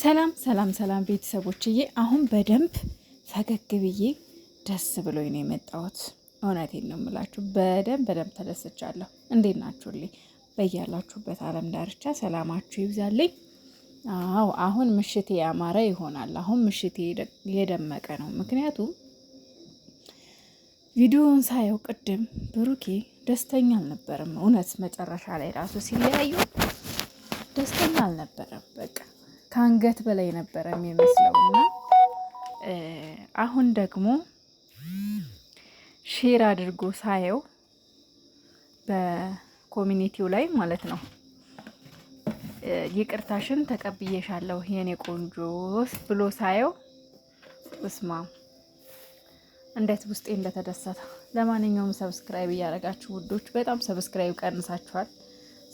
ሰላም ሰላም ሰላም ቤተሰቦችዬ፣ አሁን በደንብ ፈገግ ብዬ ደስ ብሎኝ ነው የመጣሁት። እውነቴን ነው የምላችሁ፣ በደንብ በደንብ ተደስቻለሁ። እንዴት ናችሁልኝ? በያላችሁበት ዓለም ዳርቻ ሰላማችሁ ይብዛልኝ። አዎ አሁን ምሽቴ ያማረ ይሆናል። አሁን ምሽቴ የደመቀ ነው። ምክንያቱም ቪዲዮውን ሳየው ቅድም ብሩኬ ደስተኛ አልነበረም። እውነት መጨረሻ ላይ ራሱ ሲለያዩ ደስተኛ አልነበረም። በቃ ከአንገት በላይ ነበረ እና አሁን ደግሞ ሼር አድርጎ ሳየው በኮሚኒቲው ላይ ማለት ነው ይቅርታሽን ተቀብዬሻለሁ የኔ ቆንጆስ ብሎ ሳየው ውስማ እንዴት ውስጤ እንደተደሰተ። ለማንኛውም ሰብስክራይብ እያደረጋችሁ ውዶች፣ በጣም ሰብስክራይብ ቀንሳችኋል።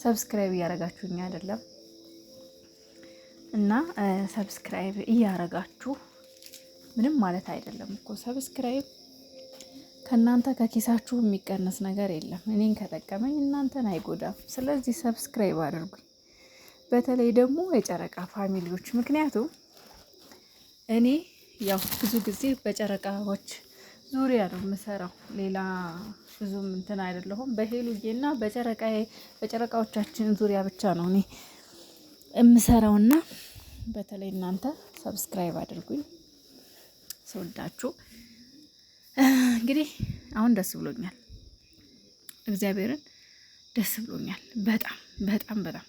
ሰብስክራይብ እያደረጋችሁኝ አይደለም እና ሰብስክራይብ እያረጋችሁ ምንም ማለት አይደለም እኮ ሰብስክራይብ ከእናንተ ከኪሳችሁ የሚቀነስ ነገር የለም። እኔን ከጠቀመኝ እናንተን አይጎዳም። ስለዚህ ሰብስክራይብ አድርጉኝ፣ በተለይ ደግሞ የጨረቃ ፋሚሊዎች። ምክንያቱም እኔ ያው ብዙ ጊዜ በጨረቃዎች ዙሪያ ነው የምሰራው፣ ሌላ ብዙም እንትን አይደለሁም። በጨረቃዬ በጨረቃዎቻችን ዙሪያ ብቻ ነው እኔ የምሰራውና በተለይ እናንተ ሰብስክራይብ አድርጉኝ ስወዳችሁ። እንግዲህ አሁን ደስ ብሎኛል፣ እግዚአብሔርን ደስ ብሎኛል። በጣም በጣም በጣም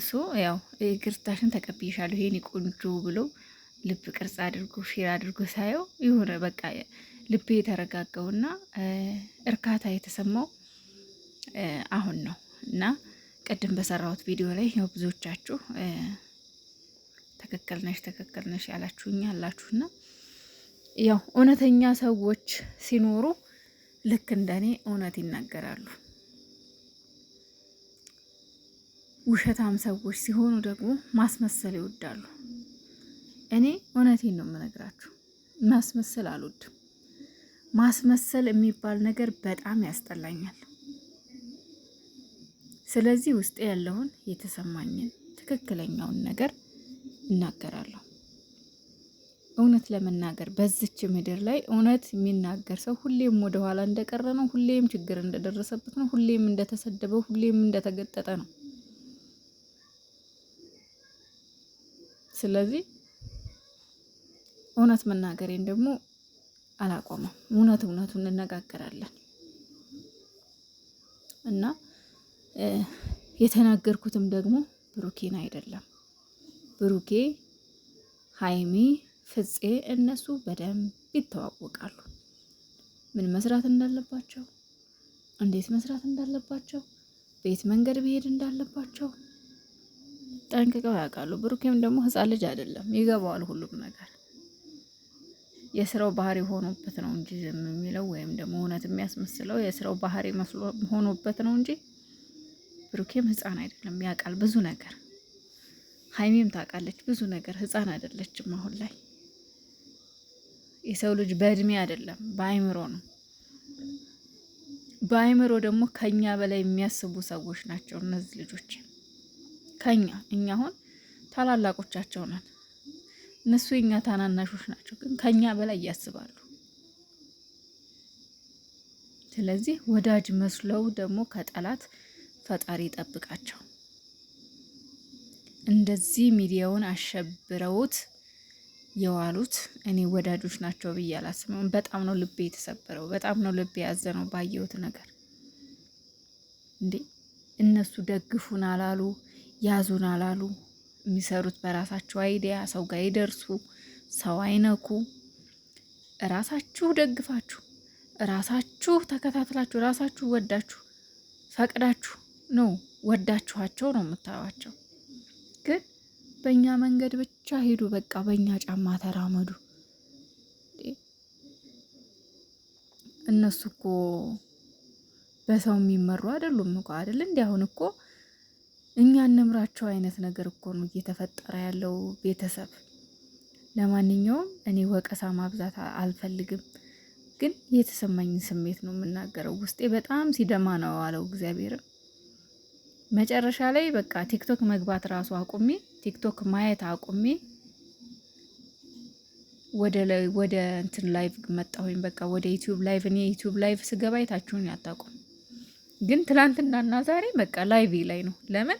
እሱ ያው ይቅርታሽን ተቀብዬሻለሁ ይሄን ቆንጆ ብሎ ልብ ቅርጽ አድርጎ ሼር አድርጎ ሳየው ይሁን በቃ ልቤ የተረጋጋውና እርካታ የተሰማው አሁን ነው እና ቅድም በሰራሁት ቪዲዮ ላይ ያው ብዙዎቻችሁ ትክክል ነሽ ትክክል ነሽ ያላችሁኝ ያላችሁና ያው እውነተኛ ሰዎች ሲኖሩ ልክ እንደኔ እውነት ይናገራሉ። ውሸታም ሰዎች ሲሆኑ ደግሞ ማስመሰል ይወዳሉ። እኔ እውነቴን ነው የምነግራችሁ፣ ማስመሰል አልወድም። ማስመሰል የሚባል ነገር በጣም ያስጠላኛል። ስለዚህ ውስጤ ያለውን የተሰማኝን ትክክለኛውን ነገር እናገራለሁ። እውነት ለመናገር በዚች ምድር ላይ እውነት የሚናገር ሰው ሁሌም ወደኋላ እንደቀረ ነው። ሁሌም ችግር እንደደረሰበት ነው። ሁሌም እንደተሰደበ፣ ሁሌም እንደተገጠጠ ነው። ስለዚህ እውነት መናገሬን ደግሞ አላቆመም። እውነት እውነቱን እንነጋገራለን እና የተናገርኩትም ደግሞ ብሩኬን አይደለም። ብሩኬ፣ ሀይሚ፣ ፍፄ እነሱ በደንብ ይተዋወቃሉ። ምን መስራት እንዳለባቸው፣ እንዴት መስራት እንዳለባቸው፣ ቤት መንገድ ብሄድ እንዳለባቸው ጠንቅቀው ያውቃሉ። ብሩኬም ደግሞ ህፃን ልጅ አይደለም፣ ይገባዋል ሁሉም ነገር። የስራው ባህሪ ሆኖበት ነው እንጂ ዝም የሚለው ወይም ደግሞ እውነት የሚያስመስለው የስራው ባህሪ ሆኖበት ነው እንጂ ብሩኬም ህፃን አይደለም፣ ያውቃል ብዙ ነገር። ሀይሜም ታውቃለች ብዙ ነገር፣ ህፃን አይደለችም። አሁን ላይ የሰው ልጅ በእድሜ አይደለም በአይምሮ ነው። በአይምሮ ደግሞ ከኛ በላይ የሚያስቡ ሰዎች ናቸው እነዚህ ልጆች። ከኛ እኛ አሁን ታላላቆቻቸው ነን፣ እነሱ የኛ ታናናሾች ናቸው፣ ግን ከኛ በላይ ያስባሉ። ስለዚህ ወዳጅ መስለው ደግሞ ከጠላት ፈጣሪ ይጠብቃቸው። እንደዚህ ሚዲያውን አሸብረውት የዋሉት እኔ ወዳጆች ናቸው ብዬ አላስብም። በጣም ነው ልቤ የተሰበረው፣ በጣም ነው ልቤ ያዘነው ባየሁት ነገር። እንዴ እነሱ ደግፉን አላሉ፣ ያዙን አላሉ። የሚሰሩት በራሳቸው አይዲያ ሰው ጋር ይደርሱ፣ ሰው አይነኩ። ራሳችሁ ደግፋችሁ፣ ራሳችሁ ተከታትላችሁ፣ ራሳችሁ ወዳችሁ ፈቅዳችሁ ነው ወዳችኋቸው ነው የምታዩቸው። ግን በእኛ መንገድ ብቻ ሄዱ፣ በቃ በእኛ ጫማ ተራመዱ። እነሱ እኮ በሰው የሚመሩ አይደሉም እኮ አይደል? እንዲ አሁን እኮ እኛ እንምራቸው አይነት ነገር እኮ ነው እየተፈጠረ ያለው ቤተሰብ። ለማንኛውም እኔ ወቀሳ ማብዛት አልፈልግም፣ ግን የተሰማኝን ስሜት ነው የምናገረው። ውስጤ በጣም ሲደማ ነው አለው እግዚአብሔርም መጨረሻ ላይ በቃ ቲክቶክ መግባት ራሱ አቁሜ ቲክቶክ ማየት አቁሜ ወደ ወደ እንትን ላይቭ መጣሁኝ። በቃ ወደ ዩቲዩብ ላይቭ እኔ ዩቲዩብ ላይቭ ስገባ የታችሁን አታውቁም፣ ግን ትላንትናና ዛሬ በቃ ላይቭ ላይ ነው። ለምን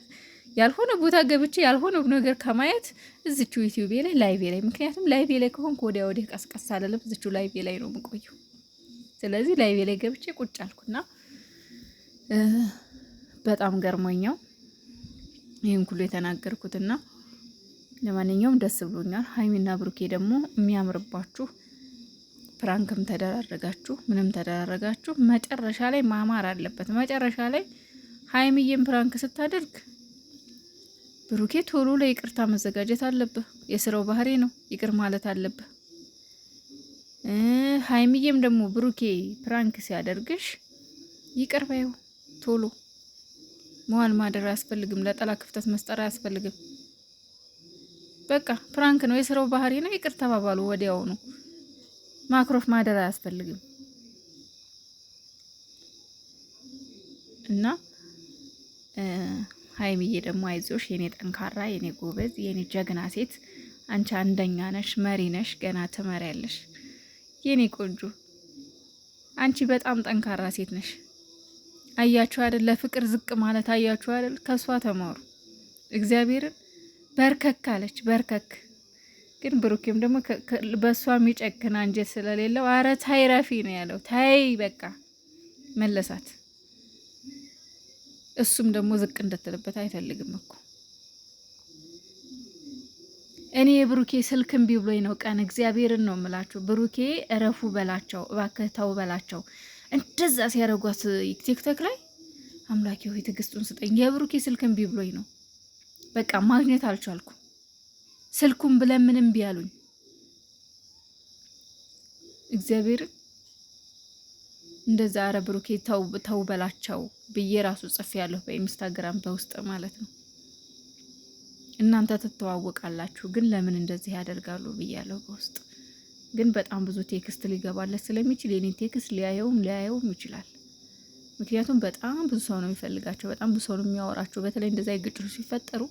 ያልሆነ ቦታ ገብቼ ያልሆነ ነገር ከማየት እዝቹ ዩቲዩብ ላይ ላይቭ ላይ ምክንያቱም ላይቭ ላይ ከሆንኩ ወዲያ ወዲህ ቀስቀስ አለልም፣ እዝቹ ላይቭ ላይ ነው የምቆየው። ስለዚህ ላይቭ ላይ ገብቼ ቁጭ አልኩና በጣም ገርሞኛው ይህን ሁሉ የተናገርኩትና ለማንኛውም ደስ ብሎኛል። ሀይሚና ብሩኬ ደግሞ የሚያምርባችሁ ፍራንክም ተደራረጋችሁ፣ ምንም ተደራረጋችሁ፣ መጨረሻ ላይ ማማር አለበት። መጨረሻ ላይ ሀይሚዬን ፍራንክ ስታደርግ ብሩኬ ቶሎ ለይቅርታ መዘጋጀት አለብህ። የስራው ባህሪ ነው፣ ይቅር ማለት አለብህ። ሀይሚዬም ደግሞ ብሩኬ ፕራንክ ሲያደርግሽ ይቅር በይው ቶሎ መዋል ማደር አያስፈልግም። ለጠላ ክፍተት መስጠር አያስፈልግም። በቃ ፕራንክ ነው፣ የስራው ባህሪ ነው። ይቅር ተባባሉ ወዲያው ነው። ማክሮፍ ማደር አያስፈልግም እና ሀይሚዬ ደግሞ አይዞሽ የኔ ጠንካራ የኔ ጎበዝ የኔ ጀግና ሴት አንቺ አንደኛ ነሽ፣ መሪ ነሽ፣ ገና ትመሪያለሽ የኔ ቆንጆ። አንቺ በጣም ጠንካራ ሴት ነሽ። አያችሁ አይደል? ለፍቅር ዝቅ ማለት አያችሁ አይደል? ከሷ ተማሩ። እግዚአብሔርን በርከክ አለች በርከክ። ግን ብሩኬም ደግሞ በእሷ የሚጨክን አንጀት ስለሌለው አረ ታይ ረፊ ነው ያለው። ታይ በቃ መለሳት። እሱም ደግሞ ዝቅ እንድትልበት አይፈልግም እኮ እኔ የብሩኬ ስልክ እምቢ ብሎኝ ነው ቀን እግዚአብሔርን ነው የምላችሁ። ብሩኬ እረፉ በላቸው እባክህ ተው በላቸው። እንደዛ ሲያደርጓት ቲክቶክ ላይ አምላኪ ሆይ ትዕግስቱን ስጠኝ። የብሩኬ ስልክን ቢብሎኝ ነው በቃ ማግኘት አልቻልኩ። ስልኩን ብለን ምንም ቢያሉኝ እግዚአብሔር እንደዛ አረ ብሩኬ ተው በላቸው ብዬ ራሱ ጽፌ ያለሁ በኢንስታግራም በውስጥ ማለት ነው። እናንተ ትተዋወቃላችሁ ግን ለምን እንደዚህ ያደርጋሉ ብያለሁ በውስጥ ግን በጣም ብዙ ቴክስት ሊገባለት ስለሚችል የኔ ቴክስት ሊያየውም ሊያየውም ይችላል። ምክንያቱም በጣም ብዙ ሰው ነው የሚፈልጋቸው፣ በጣም ብዙ ሰው ነው የሚያወራቸው። በተለይ እንደዛ ግጭቱ ሲፈጠሩ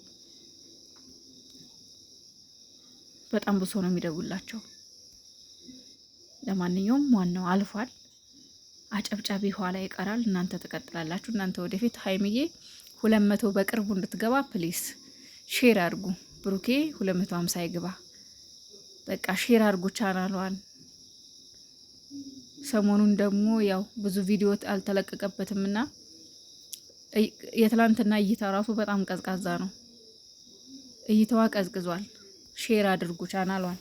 በጣም ብዙ ሰው ነው የሚደውላቸው። ለማንኛውም ዋናው አልፏል። አጨብጫቢ ኋላ ይቀራል። እናንተ ትቀጥላላችሁ። እናንተ ወደፊት። ሀይምዬ ሁለት መቶ በቅርቡ እንድትገባ ፕሊስ ሼር አድርጉ። ብሩኬ ሁለት መቶ ሀምሳ ይግባ። በቃ ሼር አድርጉ ቻናሏን። ሰሞኑን ደግሞ ያው ብዙ ቪዲዮ አልተለቀቀበትም እና የትላንትና እይታ ራሱ በጣም ቀዝቃዛ ነው። እይታዋ ቀዝቅዟል። ሼር አድርጉ ቻናሏን።